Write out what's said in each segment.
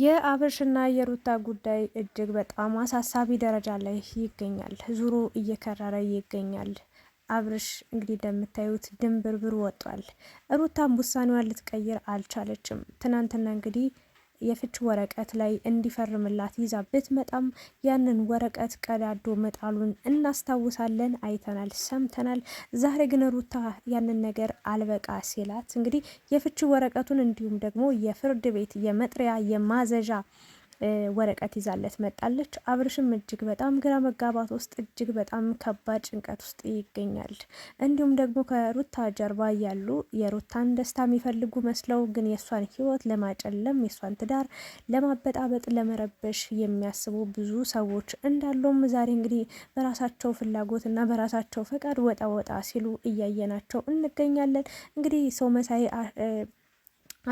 የአብርሽና የሩታ ጉዳይ እጅግ በጣም አሳሳቢ ደረጃ ላይ ይገኛል። ዙሩ እየከረረ ይገኛል። አብርሽ እንግዲህ እንደምታዩት ድንብርብር ወጧል። ሩታም ውሳኔዋን ልትቀይር አልቻለችም። ትናንትና እንግዲህ የፍች ወረቀት ላይ እንዲፈርምላት ይዛ ብትመጣም ያንን ወረቀት ቀዳዶ መጣሉን እናስታውሳለን። አይተናል፣ ሰምተናል። ዛሬ ግን ሩታ ያንን ነገር አልበቃ ሲላት እንግዲህ የፍች ወረቀቱን እንዲሁም ደግሞ የፍርድ ቤት የመጥሪያ የማዘዣ ወረቀት ይዛለት መጣለች። አብርሽም እጅግ በጣም ግራ መጋባት ውስጥ እጅግ በጣም ከባድ ጭንቀት ውስጥ ይገኛል። እንዲሁም ደግሞ ከሩታ ጀርባ ያሉ የሩታን ደስታ የሚፈልጉ መስለው ግን የእሷን ሕይወት ለማጨለም የእሷን ትዳር ለማበጣበጥ፣ ለመረበሽ የሚያስቡ ብዙ ሰዎች እንዳለውም ዛሬ እንግዲህ በራሳቸው ፍላጎት እና በራሳቸው ፈቃድ ወጣ ወጣ ሲሉ እያየናቸው እንገኛለን። እንግዲህ ሰው መሳይ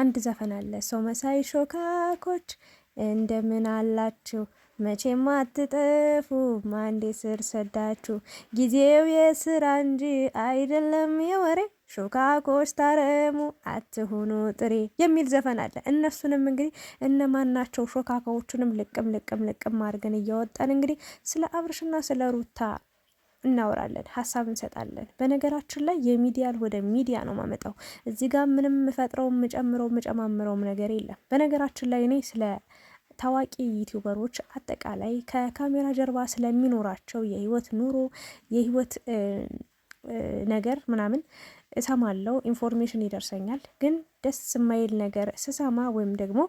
አንድ ዘፈን አለ ሰው መሳይ ሾካኮች እንደምን አላችሁ? መቼም አትጠፉ አንዴ ስር ሰዳችሁ። ጊዜው የስራ እንጂ አይደለም የወሬ ሾካኮች ታረሙ አትሁኑ ጥሬ የሚል ዘፈን አለ። እነሱንም እንግዲህ እነማን ናቸው ሾካኮዎቹንም ልቅም ልቅም ልቅም አድርገን እያወጣን እንግዲህ ስለ አብርሽና ስለ ሩታ እናወራለን፣ ሀሳብ እንሰጣለን። በነገራችን ላይ የሚዲያል ወደ ሚዲያ ነው ማመጣው። እዚህ ጋር ምንም የምፈጥረው የምጨምረው ምጨማምረውም ነገር የለም። በነገራችን ላይ እኔ ስለ ታዋቂ ዩቲዩበሮች አጠቃላይ ከካሜራ ጀርባ ስለሚኖራቸው የህይወት ኑሮ የህይወት ነገር ምናምን እሰማለው፣ ኢንፎርሜሽን ይደርሰኛል። ግን ደስ የማይል ነገር ስሰማ ወይም ደግሞ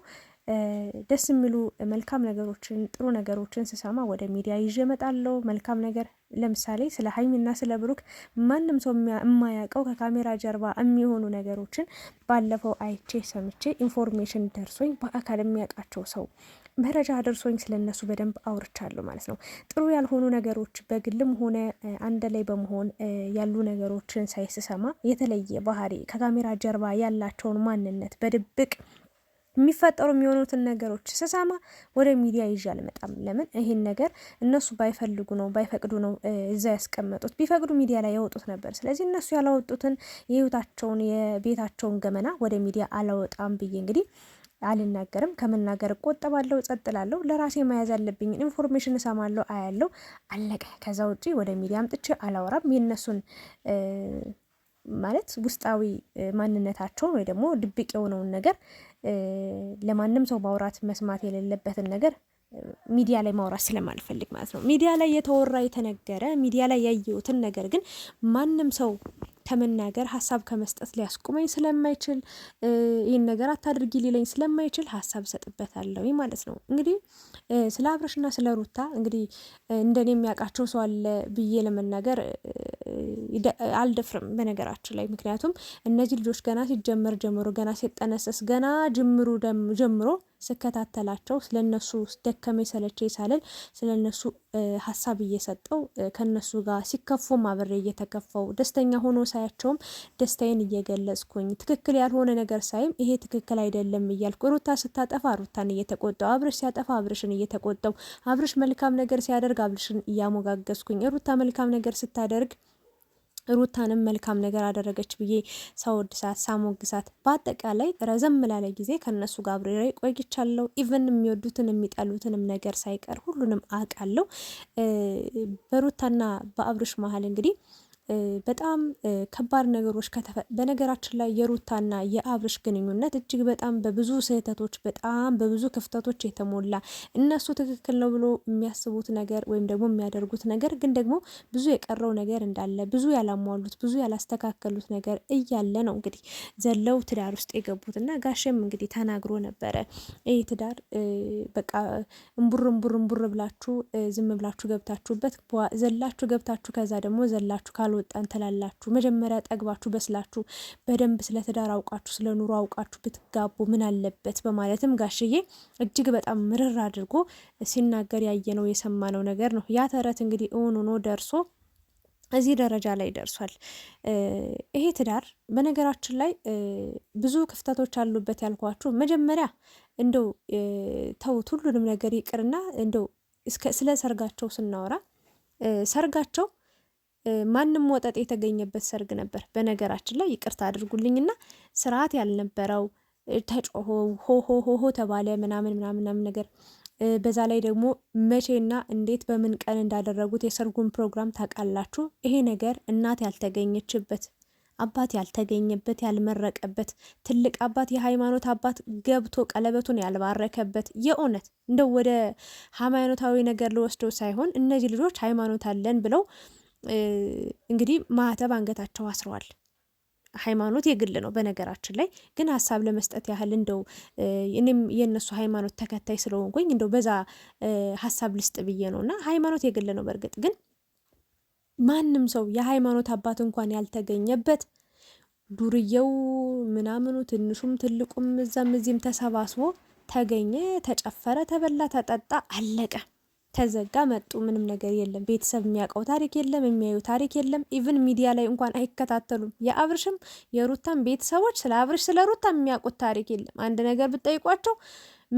ደስ የሚሉ መልካም ነገሮችን ጥሩ ነገሮችን ስሰማ ወደ ሚዲያ ይዤ እመጣለሁ። መልካም ነገር ለምሳሌ ስለ ሀይሚና ስለ ብሩክ ማንም ሰው የማያውቀው ከካሜራ ጀርባ የሚሆኑ ነገሮችን ባለፈው አይቼ ሰምቼ ኢንፎርሜሽን ደርሶኝ በአካል የሚያውቃቸው ሰው መረጃ ደርሶኝ ስለነሱ በደንብ አውርቻለሁ ማለት ነው። ጥሩ ያልሆኑ ነገሮች በግልም ሆነ አንድ ላይ በመሆን ያሉ ነገሮችን ሳይስሰማ ስሰማ የተለየ ባህሪ ከካሜራ ጀርባ ያላቸውን ማንነት በድብቅ የሚፈጠሩ የሚሆኑትን ነገሮች ስሰማ ወደ ሚዲያ ይዤ አልመጣም። ለምን ይሄን ነገር እነሱ ባይፈልጉ ነው ባይፈቅዱ ነው እዛ ያስቀመጡት። ቢፈቅዱ ሚዲያ ላይ ያወጡት ነበር። ስለዚህ እነሱ ያላወጡትን የህይወታቸውን የቤታቸውን ገመና ወደ ሚዲያ አላወጣም ብዬ እንግዲህ አልናገርም። ከመናገር እቆጠባለሁ፣ ጸጥ ለራሴ መያዝ ያለብኝን ኢንፎርሜሽን እሰማለሁ፣ አያለሁ፣ አለቀ። ከዛ ውጪ ወደ ሚዲያ አምጥቼ አላወራም የእነሱን ማለት ውስጣዊ ማንነታቸውን ወይ ደግሞ ድብቅ የሆነውን ነገር ለማንም ሰው ማውራት መስማት የሌለበትን ነገር ሚዲያ ላይ ማውራት ስለማልፈልግ ማለት ነው። ሚዲያ ላይ የተወራ የተነገረ ሚዲያ ላይ ያየሁትን ነገር ግን ማንም ሰው ከመናገር ሀሳብ ከመስጠት ሊያስቁመኝ ስለማይችል ይህን ነገር አታድርጊ ሊለኝ ስለማይችል ሀሳብ እሰጥበታለሁ ማለት ነው። እንግዲህ ስለ አብረሽና ስለ ሩታ እንግዲህ እንደኔ የሚያውቃቸው ሰው አለ ብዬ ለመናገር አልደፍርም በነገራችን ላይ ምክንያቱም እነዚህ ልጆች ገና ሲጀመር ጀምሮ ገና ሲጠነሰስ ገና ጅምሩ ጀምሮ ስከታተላቸው ስለነሱ ደከመ ሰለቸ ሳልል እነሱ ሀሳብ እየሰጠው ከእነሱ ጋር ሲከፉ አብሬ እየተከፋው ደስተኛ ሆኖ ሳያቸውም ደስታዬን እየገለጽኩኝ ትክክል ያልሆነ ነገር ሳይም ይሄ ትክክል አይደለም እያልኩ ሩታ ስታጠፋ ሩታን እየተቆጣው፣ አብርሽ ሲያጠፋ አብርሽን እየተቆጣው፣ አብርሽ መልካም ነገር ሲያደርግ አብርሽን እያሞጋገዝኩኝ ሩታ መልካም ነገር ስታደርግ ሩታንም መልካም ነገር አደረገች ብዬ ሰው ሳሞግሳት በአጠቃላይ ረዘም ላለ ጊዜ ከነሱ ጋር አብሬ ቆይቻለሁ። ኢቨን የሚወዱትን የሚጠሉትንም ነገር ሳይቀር ሁሉንም አውቃለሁ። በሩታና በአብርሽ መሀል እንግዲህ በጣም ከባድ ነገሮች በነገራችን ላይ የሩታና የአብርሽ ግንኙነት እጅግ በጣም በብዙ ስህተቶች በጣም በብዙ ክፍተቶች የተሞላ እነሱ ትክክል ነው ብሎ የሚያስቡት ነገር ወይም ደግሞ የሚያደርጉት ነገር ግን ደግሞ ብዙ የቀረው ነገር እንዳለ ብዙ ያላሟሉት ብዙ ያላስተካከሉት ነገር እያለ ነው እንግዲህ ዘለው ትዳር ውስጥ የገቡት እና ጋሼም እንግዲህ ተናግሮ ነበረ። ይህ ትዳር በቃ እምቡር እምቡር እምቡር ብላችሁ ዝም ብላችሁ ገብታችሁበት ዘላችሁ ገብታችሁ ከዛ ደግሞ ዘላችሁ አልወጣን ትላላችሁ። መጀመሪያ ጠግባችሁ በስላችሁ በደንብ ስለ ትዳር አውቃችሁ ስለ ኑሮ አውቃችሁ ብትጋቡ ምን አለበት በማለትም ጋሽዬ እጅግ በጣም ምርር አድርጎ ሲናገር ያየነው የሰማነው ነገር ነው። ያ ተረት እንግዲህ እውን ሆኖ ደርሶ እዚህ ደረጃ ላይ ደርሷል። ይሄ ትዳር በነገራችን ላይ ብዙ ክፍተቶች አሉበት ያልኳችሁ መጀመሪያ እንደው ተውት፣ ሁሉንም ነገር ይቅርና እንደው ስለ ሰርጋቸው ስናወራ ሰርጋቸው ማንም ወጠጥ የተገኘበት ሰርግ ነበር። በነገራችን ላይ ይቅርታ አድርጉልኝና ስርዓት ያልነበረው ተጮሆ ሆሆሆሆ ተባለ ምናምን ምናምን ምናምን ነገር በዛ ላይ ደግሞ መቼና እንዴት በምን ቀን እንዳደረጉት የሰርጉን ፕሮግራም ታውቃላችሁ። ይሄ ነገር እናት ያልተገኘችበት አባት ያልተገኘበት ያልመረቀበት ትልቅ አባት የሃይማኖት አባት ገብቶ ቀለበቱን ያልባረከበት የእውነት እንደው ወደ ሃይማኖታዊ ነገር ልወስደው ሳይሆን እነዚህ ልጆች ሃይማኖት አለን ብለው እንግዲህ ማህተብ አንገታቸው አስረዋል። ሃይማኖት የግል ነው በነገራችን ላይ ግን ሀሳብ ለመስጠት ያህል እንደው እኔም የእነሱ ሃይማኖት ተከታይ ስለሆንኩኝ እንደው በዛ ሀሳብ ልስጥ ብዬ ነው እና ሃይማኖት የግል ነው። በእርግጥ ግን ማንም ሰው የሃይማኖት አባት እንኳን ያልተገኘበት ዱርየው ምናምኑ ትንሹም ትልቁም እዛም እዚህም ተሰባስቦ ተገኘ፣ ተጨፈረ፣ ተበላ፣ ተጠጣ፣ አለቀ። ተዘጋ መጡ። ምንም ነገር የለም። ቤተሰብ የሚያውቀው ታሪክ የለም። የሚያዩ ታሪክ የለም። ኢቭን ሚዲያ ላይ እንኳን አይከታተሉም። የአብርሽም የሩታም ቤተሰቦች ስለ አብርሽ ስለ ሩታ የሚያውቁት ታሪክ የለም። አንድ ነገር ብጠይቋቸው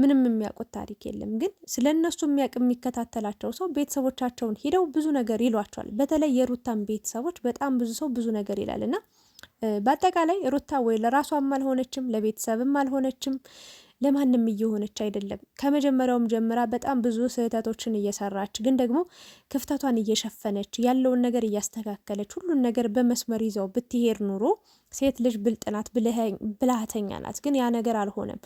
ምንም የሚያውቁት ታሪክ የለም። ግን ስለ እነሱ የሚያውቅ የሚከታተላቸው ሰው ቤተሰቦቻቸውን ሄደው ብዙ ነገር ይሏቸዋል። በተለይ የሩታን ቤተሰቦች በጣም ብዙ ሰው ብዙ ነገር ይላል እና በአጠቃላይ ሩታ ወይ ለራሷም አልሆነችም፣ ለቤተሰብም አልሆነችም። ለማንም እየሆነች አይደለም። ከመጀመሪያውም ጀምራ በጣም ብዙ ስህተቶችን እየሰራች ግን ደግሞ ክፍተቷን እየሸፈነች ያለውን ነገር እያስተካከለች ሁሉን ነገር በመስመር ይዘው ብትሄድ ኑሮ ሴት ልጅ ብልጥ ናት፣ ብልሃተኛ ናት። ግን ያ ነገር አልሆነም።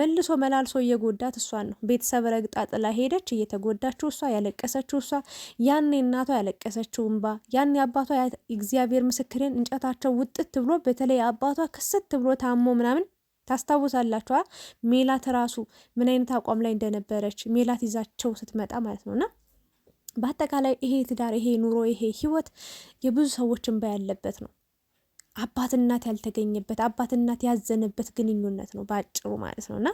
መልሶ መላልሶ እየጎዳት እሷን ነው። ቤተሰብ ረግጣ ጥላ ሄደች፣ እየተጎዳችው እሷ፣ ያለቀሰችው እሷ። ያኔ እናቷ ያለቀሰችው እንባ፣ ያኔ አባቷ እግዚአብሔር ምስክሬን እንጨታቸው ውጥት ብሎ በተለይ አባቷ ክስት ብሎ ታሞ ምናምን ታስታውሳላችኋ ሜላት ራሱ ምን አይነት አቋም ላይ እንደነበረች ሜላት ይዛቸው ስትመጣ ማለት ነውና በአጠቃላይ ይሄ ትዳር፣ ይሄ ኑሮ፣ ይሄ ህይወት የብዙ ሰዎች እንባ ያለበት ነው። አባት እናት ያልተገኘበት አባት እናት ያዘነበት ግንኙነት ነው በአጭሩ ማለት ነው እና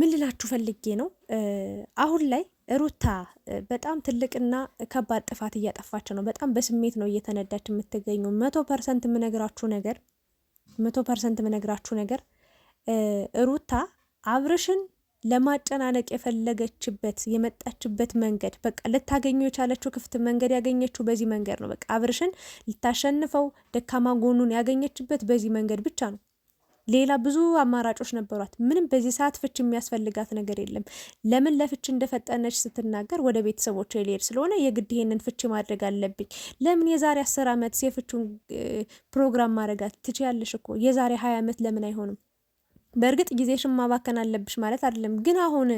ምን ልላችሁ ፈልጌ ነው አሁን ላይ ሩታ በጣም ትልቅና ከባድ ጥፋት እያጠፋች ነው። በጣም በስሜት ነው እየተነዳች የምትገኘው። መቶ ፐርሰንት የምነግራችሁ ነገር መቶ ፐርሰንት የምነግራችሁ ነገር ሩታ አብርሽን ለማጨናነቅ የፈለገችበት የመጣችበት መንገድ በቃ ልታገኘው የቻለችው ክፍት መንገድ ያገኘችው በዚህ መንገድ ነው። በቃ አብርሽን ልታሸንፈው ደካማ ጎኑን ያገኘችበት በዚህ መንገድ ብቻ ነው። ሌላ ብዙ አማራጮች ነበሯት። ምንም በዚህ ሰዓት ፍች የሚያስፈልጋት ነገር የለም። ለምን ለፍች እንደፈጠነች ስትናገር ወደ ቤተሰቦች ሊሄድ ስለሆነ የግድ ይሄንን ፍች ማድረግ አለብኝ። ለምን የዛሬ አስር ዓመት የፍቹን ፕሮግራም ማድረጋት ትችያለሽ እኮ የዛሬ ሀያ ዓመት ለምን አይሆንም? በእርግጥ ጊዜሽን ማባከን አለብሽ ማለት አይደለም፣ ግን አሁን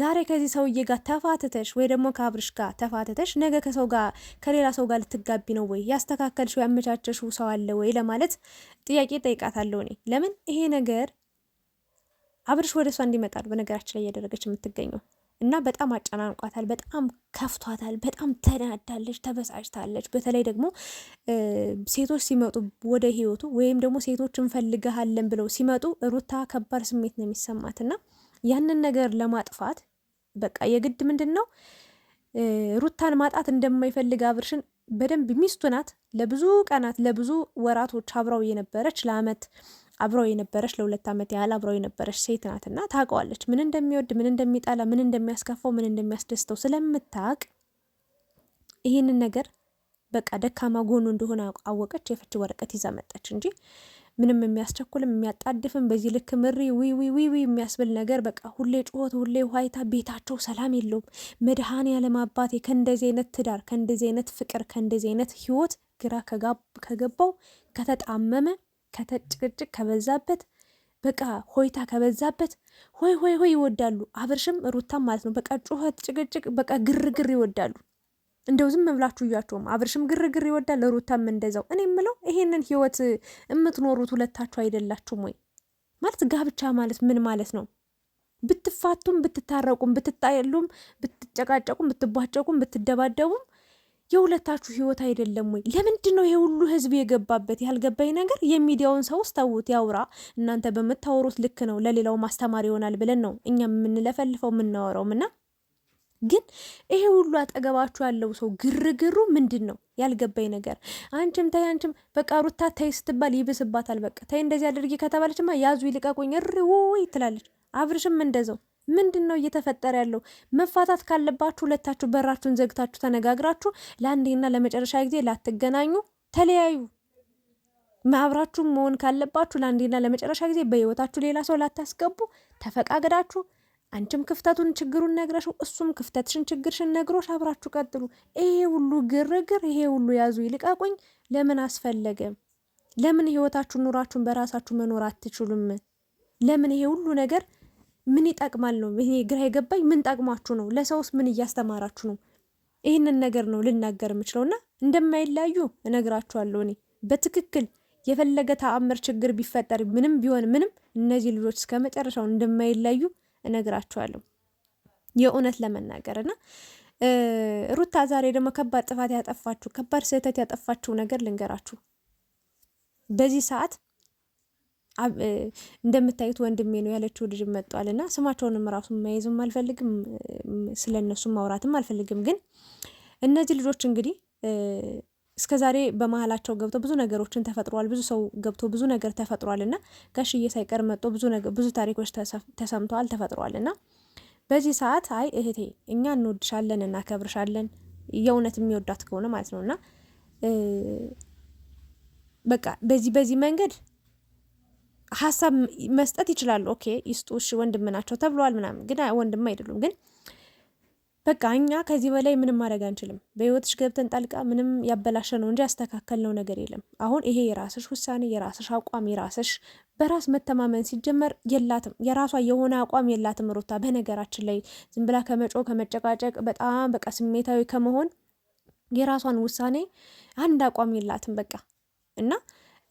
ዛሬ ከዚህ ሰውዬ ጋር ተፋትተሽ ወይ ደግሞ ከአብርሽ ጋር ተፋትተሽ ነገ ከሰው ጋር ከሌላ ሰው ጋር ልትጋቢ ነው ወይ? ያስተካከልሽው ያመቻቸሽው ሰው አለ ወይ ለማለት ጥያቄ ጠይቃታለሁ እኔ። ለምን ይሄ ነገር አብርሽ ወደ እሷ እንዲመጣ በነገራችን ላይ እያደረገች የምትገኘው እና በጣም አጨናንቋታል፣ በጣም ከፍቷታል፣ በጣም ተናዳለች፣ ተበሳጭታለች። በተለይ ደግሞ ሴቶች ሲመጡ ወደ ህይወቱ ወይም ደግሞ ሴቶች እንፈልግሃለን ብለው ሲመጡ ሩታ ከባድ ስሜት ነው የሚሰማት እና ያንን ነገር ለማጥፋት በቃ የግድ ምንድን ነው ሩታን ማጣት እንደማይፈልግ አብርሽን በደንብ ሚስቱ ናት። ለብዙ ቀናት ለብዙ ወራቶች አብረው የነበረች ለአመት አብረው የነበረች ለሁለት ዓመት ያህል አብረው የነበረች ሴት ናትና ታውቀዋለች። ምን እንደሚወድ፣ ምን እንደሚጠላ፣ ምን እንደሚያስከፋው፣ ምን እንደሚያስደስተው ስለምታውቅ ይህንን ነገር በቃ ደካማ ጎኑ እንደሆነ አወቀች። የፍቺ ወረቀት ይዛ መጣች እንጂ ምንም የሚያስቸኩልም የሚያጣድፍም በዚህ ልክ ምሪ ዊዊዊዊ የሚያስብል ነገር በቃ ሁሌ ጩኸት፣ ሁሌ ዋይታ፣ ቤታቸው ሰላም የለውም። መድኃኔዓለም አባቴ ከእንደዚህ አይነት ትዳር፣ ከእንደዚህ አይነት ፍቅር፣ ከእንደዚህ አይነት ህይወት ግራ ከገባው ከተጣመመ ጭቅጭቅ ከበዛበት በቃ ሆይታ ከበዛበት ሆይ ሆይ ሆይ ይወዳሉ። አብርሽም ሩታም ማለት ነው። በቃ ጩኸት፣ ጭቅጭቅ፣ በቃ ግርግር ይወዳሉ። እንደው ዝም ብላችሁ እያቸውም አብርሽም ግርግር ይወዳል፣ ሩታም እንደዛው። እኔ የምለው ይሄንን ህይወት የምትኖሩት ሁለታችሁ አይደላችሁም ወይ? ማለት ጋብቻ ማለት ምን ማለት ነው? ብትፋቱም፣ ብትታረቁም፣ ብትጣሉም፣ ብትጨቃጨቁም፣ ብትቧጨቁም፣ ብትደባደቡም የሁለታችሁ ህይወት አይደለም ወይ? ለምንድን ነው የሁሉ ህዝብ የገባበት? ያልገባኝ ነገር የሚዲያውን ሰው ስታውት ያውራ። እናንተ በምታወሩት ልክ ነው፣ ለሌላው ማስተማር ይሆናል ብለን ነው እኛ የምንለፈልፈው የምናወራውም እና ግን ይሄ ሁሉ አጠገባችሁ ያለው ሰው ግርግሩ ምንድን ነው ያልገባኝ ነገር። አንቺም ታይ አንቺም በቃ ሩታ ታይ ስትባል ይብስባታል። በቃ ታይ እንደዚህ አድርጊ ከተባለችማ ያዙ ይልቀቁኝ እሪ ውይ ትላለች። አብርሽም እንደዛው ምንድን ነው እየተፈጠረ ያለው? መፋታት ካለባችሁ ሁለታችሁ በራችሁን ዘግታችሁ ተነጋግራችሁ ለአንዴና ለመጨረሻ ጊዜ ላትገናኙ ተለያዩ። ማብራችሁ መሆን ካለባችሁ ለአንዴና ለመጨረሻ ጊዜ በህይወታችሁ ሌላ ሰው ላታስገቡ ተፈቃግዳችሁ አንቺም ክፍተቱን ችግሩን ነግረሽ እሱም ክፍተትሽን ችግርሽን ነግሮሽ አብራችሁ ቀጥሉ። ይሄ ሁሉ ግርግር፣ ይሄ ሁሉ ያዙ ይልቀቁኝ ለምን አስፈለገ? ለምን ህይወታችሁን ኑራችሁን በራሳችሁ መኖር አትችሉም? ለምን ይሄ ሁሉ ነገር ምን ይጠቅማል ነው ይሄ ግራ የገባኝ። ምን ጠቅማችሁ ነው? ለሰውስ ምን እያስተማራችሁ ነው? ይህንን ነገር ነው ልናገር የምችለውና እንደማይለያዩ እነግራችኋለሁ። እኔ በትክክል የፈለገ ተአምር ችግር ቢፈጠር ምንም ቢሆን ምንም እነዚህ ልጆች እስከ መጨረሻው እንደማይለያዩ እነግራችኋለሁ። የእውነት ለመናገር እና ሩታ ዛሬ ደግሞ ከባድ ጥፋት ያጠፋችሁ ከባድ ስህተት ያጠፋችሁ ነገር ልንገራችሁ በዚህ ሰዓት እንደምታዩት ወንድሜ ነው ያለችው ልጅ መጧል እና ስማቸውንም ራሱ መያይዝም አልፈልግም፣ ስለ እነሱ ማውራትም አልፈልግም። ግን እነዚህ ልጆች እንግዲህ እስከዛሬ በመሀላቸው ገብቶ ብዙ ነገሮችን ተፈጥሯል። ብዙ ሰው ገብቶ ብዙ ነገር ተፈጥሯል እና ጋሽዬ ሳይቀር መጥቶ ብዙ ታሪኮች ተሰምተዋል፣ ተፈጥሯል እና በዚህ ሰዓት አይ እህቴ እኛ እንወድሻለን እናከብርሻለን የእውነት የሚወዳት ከሆነ ማለት ነው እና በቃ በዚህ በዚህ መንገድ ሀሳብ መስጠት ይችላሉ። ኦኬ ይስጡ፣ እሺ ወንድም ናቸው ተብለዋል ምናምን፣ ግን ወንድም አይደሉም። ግን በቃ እኛ ከዚህ በላይ ምንም ማድረግ አንችልም። በህይወትሽ ገብተን ጣልቃ ምንም ያበላሸ ነው እንጂ ያስተካከልነው ነገር የለም። አሁን ይሄ የራስሽ ውሳኔ፣ የራስሽ አቋም፣ የራስሽ በራስ መተማመን ሲጀመር የላትም። የራሷ የሆነ አቋም የላትም ሩታ። በነገራችን ላይ ዝም ብላ ከመጮ ከመጨቃጨቅ በጣም በቃ ስሜታዊ ከመሆን የራሷን ውሳኔ አንድ አቋም የላትም በቃ እና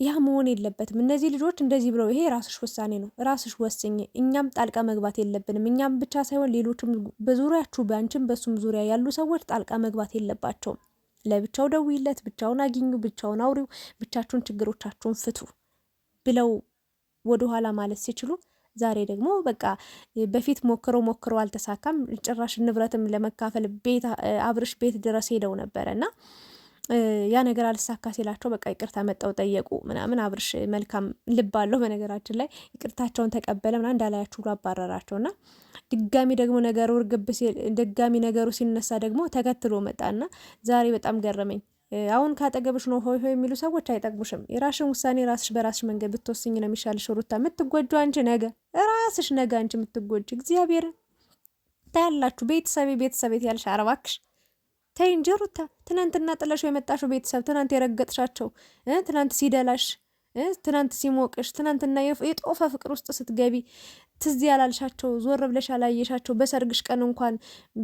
ያ መሆን የለበትም። እነዚህ ልጆች እንደዚህ ብለው ይሄ ራስሽ ውሳኔ ነው፣ ራስሽ ወስኝ። እኛም ጣልቃ መግባት የለብንም። እኛም ብቻ ሳይሆን ሌሎችም በዙሪያችሁ፣ በአንቺም በሱም ዙሪያ ያሉ ሰዎች ጣልቃ መግባት የለባቸውም። ለብቻው ደውይለት፣ ብቻውን አግኙ፣ ብቻውን አውሪው፣ ብቻችሁን ችግሮቻችሁን ፍቱ ብለው ወደኋላ ማለት ሲችሉ ዛሬ ደግሞ በቃ በፊት ሞክሮ ሞክሮ አልተሳካም። ጭራሽ ንብረትም ለመካፈል ቤት አብርሽ ቤት ድረስ ሄደው ነበረ እና ያ ነገር አልሳካ ሲላቸው በቃ ይቅርታ መጣው ጠየቁ ምናምን። አብርሽ መልካም ልብ አለው በነገራችን ላይ ይቅርታቸውን ተቀበለ ምናምን እንዳላያችሁ ብሎ አባረራቸውና ድጋሚ ደግሞ ነገሩ እርግብ ሲል ድጋሚ ነገሩ ሲነሳ ደግሞ ተከትሎ መጣና ዛሬ በጣም ገረመኝ። አሁን ካጠገብሽ ነው ሆይ ሆይ የሚሉ ሰዎች አይጠቅሙሽም። የራሽን ውሳኔ ራስሽ በራስሽ መንገድ ብትወስኝ ነው የሚሻልሽ። ሩታ የምትጎጁ አንቺ ነገ ራስሽ ነገ አንቺ የምትጎጅ እግዚአብሔር ታያላችሁ። ቤተሰቤ ቤተሰቤት ያልሽ አረባክሽ ተይ እንጂ ሩታ፣ ትናንትና ጥለሽው የመጣሽው ቤተሰብ ትናንት የረገጥሻቸው ትናንት ሲደላሽ ትናንት ሲሞቅሽ ትናንትና የጦፈ ፍቅር ውስጥ ስትገቢ ትዝ ያላልሻቸው ዞር ብለሽ ያላየሻቸው በሰርግሽ ቀን እንኳን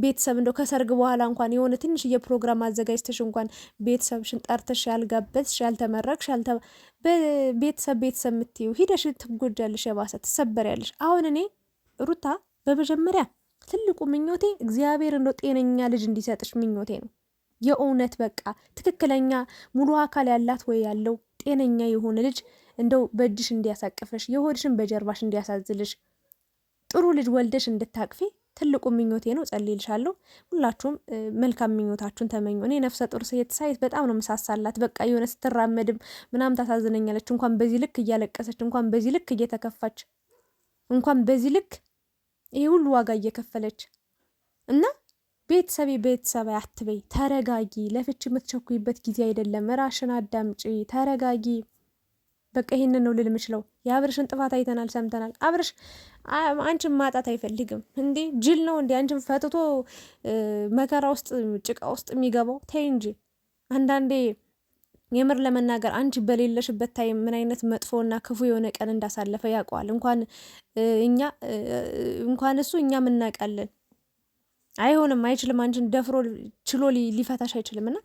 ቤተሰብ እንደው ከሰርግ በኋላ እንኳን የሆነ ትንሽ የፕሮግራም አዘጋጅተሽ እንኳን ቤተሰብሽን ጠርተሽ ያልጋበዝሽ ያልተመረቅሽ ቤተሰብ ቤተሰብ የምትይው ሂደሽ ትጎጃለሽ፣ የባሰ ትሰበሪያለሽ። አሁን እኔ ሩታ በመጀመሪያ ትልቁ ምኞቴ እግዚአብሔር እንደ ጤነኛ ልጅ እንዲሰጥሽ ምኞቴ ነው። የእውነት በቃ ትክክለኛ ሙሉ አካል ያላት ወይ ያለው ጤነኛ የሆነ ልጅ እንደው በእጅሽ እንዲያሳቅፍሽ፣ የሆድሽን በጀርባሽ እንዲያሳዝልሽ፣ ጥሩ ልጅ ወልደሽ እንድታቅፊ ትልቁ ምኞቴ ነው። ጸልይልሻለሁ። ሁላችሁም መልካም ምኞታችሁን ተመኙ። እኔ ነፍሰ ጡር ሴት ሳይት በጣም ነው ምሳሳላት። በቃ የሆነ ስትራመድም ምናምን ታሳዝነኛለች። እንኳን በዚህ ልክ እያለቀሰች፣ እንኳን በዚህ ልክ እየተከፋች፣ እንኳን በዚህ ልክ ይሄ ሁሉ ዋጋ እየከፈለች እና ቤተሰቤ ቤተሰብ አትበይ፣ ተረጋጊ። ለፍች የምትቸኩይበት ጊዜ አይደለም። ራሽን አዳምጪ፣ ተረጋጊ። በቃ ይሄንን ነው ልል የምችለው። የአብርሽን ጥፋት አይተናል፣ ሰምተናል። አብርሽ አንቺን ማጣት አይፈልግም እንዴ? ጅል ነው እንዴ? አንቺን ፈትቶ መከራ ውስጥ ጭቃ ውስጥ የሚገባው? ተይ እንጂ አንዳንዴ የምር ለመናገር አንቺ በሌለሽበት ታይም ምን አይነት መጥፎና ክፉ የሆነ ቀን እንዳሳለፈ ያውቀዋል። እንኳን እኛ እንኳን እሱ እኛ እናውቃለን አይሆንም፣ አይችልም። አንቺን ደፍሮ ችሎ ሊፈታሽ አይችልም እና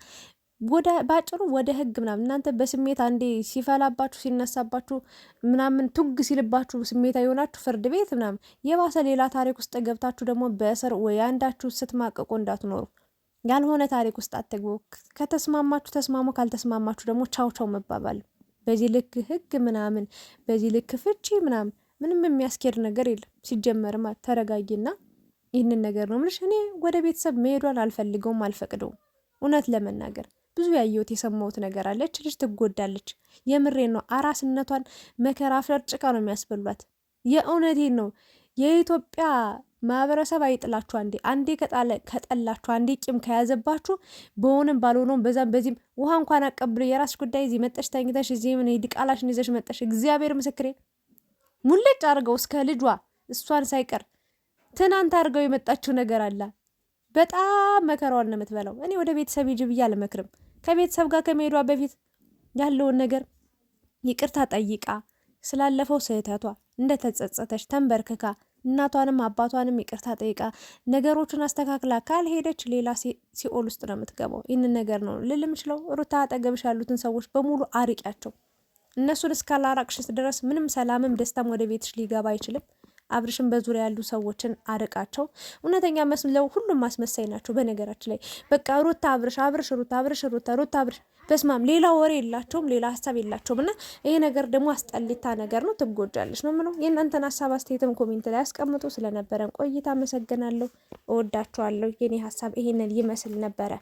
ወደ ባጭሩ ወደ ህግ ምናምን እናንተ በስሜት አንዴ ሲፈላባችሁ ሲነሳባችሁ ምናምን ቱግ ሲልባችሁ ስሜታ የሆናችሁ ፍርድ ቤት ምናምን የባሰ ሌላ ታሪክ ውስጥ ገብታችሁ ደግሞ በእስር ወይ አንዳችሁ ስትማቀቁ እንዳትኖሩ ያልሆነ ታሪክ ውስጥ አትግቡ። ከተስማማችሁ ተስማሙ፣ ካልተስማማችሁ ደግሞ ቻው ቻው መባባል። በዚህ ልክ ህግ ምናምን፣ በዚህ ልክ ፍቺ ምናምን ምንም የሚያስኬድ ነገር የለም። ሲጀመርም ተረጋጊና ይህንን ነገር ነው ምልሽ። እኔ ወደ ቤተሰብ መሄዷን አልፈልገውም፣ አልፈቅደውም። እውነት ለመናገር ብዙ ያየሁት የሰማሁት ነገር አለች። ልጅ ትጎዳለች። የምሬን ነው። አራስነቷን መከራ፣ አፈር ጭቃ ነው የሚያስበሏት። የእውነቴን ነው የኢትዮጵያ ማህበረሰብ አይጥላችሁ። አንዴ አንዴ ከጠላችሁ፣ አንዴ ቂም ከያዘባችሁ በሆነም ባልሆነም በዛም በዚህም ውሃ እንኳን አቀብሎ የራስሽ ጉዳይ እዚህ መጠሽ ተኝተሽ እዚህ ምን ድቃላሽን ይዘሽ መጠሽ እግዚአብሔር ምስክሬ ሙለጭ አድርገው እስከ ልጇ እሷን ሳይቀር ትናንት አድርገው የመጣችው ነገር አለ። በጣም መከራዋን ነው የምትበላው። እኔ ወደ ቤተሰብ ሂጂ ብዬ አልመክርም። ከቤተሰብ ጋር ከመሄዷ በፊት ያለውን ነገር ይቅርታ ጠይቃ ስላለፈው ስህተቷ እንደተጸጸተች ተንበርክካ እናቷንም አባቷንም ይቅርታ ጠይቃ ነገሮችን አስተካክላ ካልሄደች ሌላ ሲኦል ውስጥ ነው የምትገባው። ይህንን ነገር ነው ልል የምችለው። ሩታ አጠገብሽ ያሉትን ሰዎች በሙሉ አርቂያቸው። እነሱን እስካላራቅሽ ድረስ ምንም ሰላምም ደስታም ወደ ቤትሽ ሊገባ አይችልም። አብርሽን በዙሪያ ያሉ ሰዎችን አርቃቸው። እውነተኛ መስለው ሁሉም ማስመሳይ ናቸው። በነገራችን ላይ በቃ ሩታ አብርሽ፣ አብርሽ ሩታ፣ አብርሽ ሩታ፣ ሩታ አብርሽ። በስማም ሌላ ወሬ የላቸውም፣ ሌላ ሀሳብ የላቸውም። እና ይሄ ነገር ደግሞ አስጠሊታ ነገር ነው። ትጎጃለች ነው ምለው። የእናንተን ሀሳብ አስተያየትም ኮሜንት ላይ አስቀምጡ። ስለነበረን ቆይታ አመሰግናለሁ። እወዳችኋለሁ። የኔ ሀሳብ ይሄንን ይመስል ነበረ።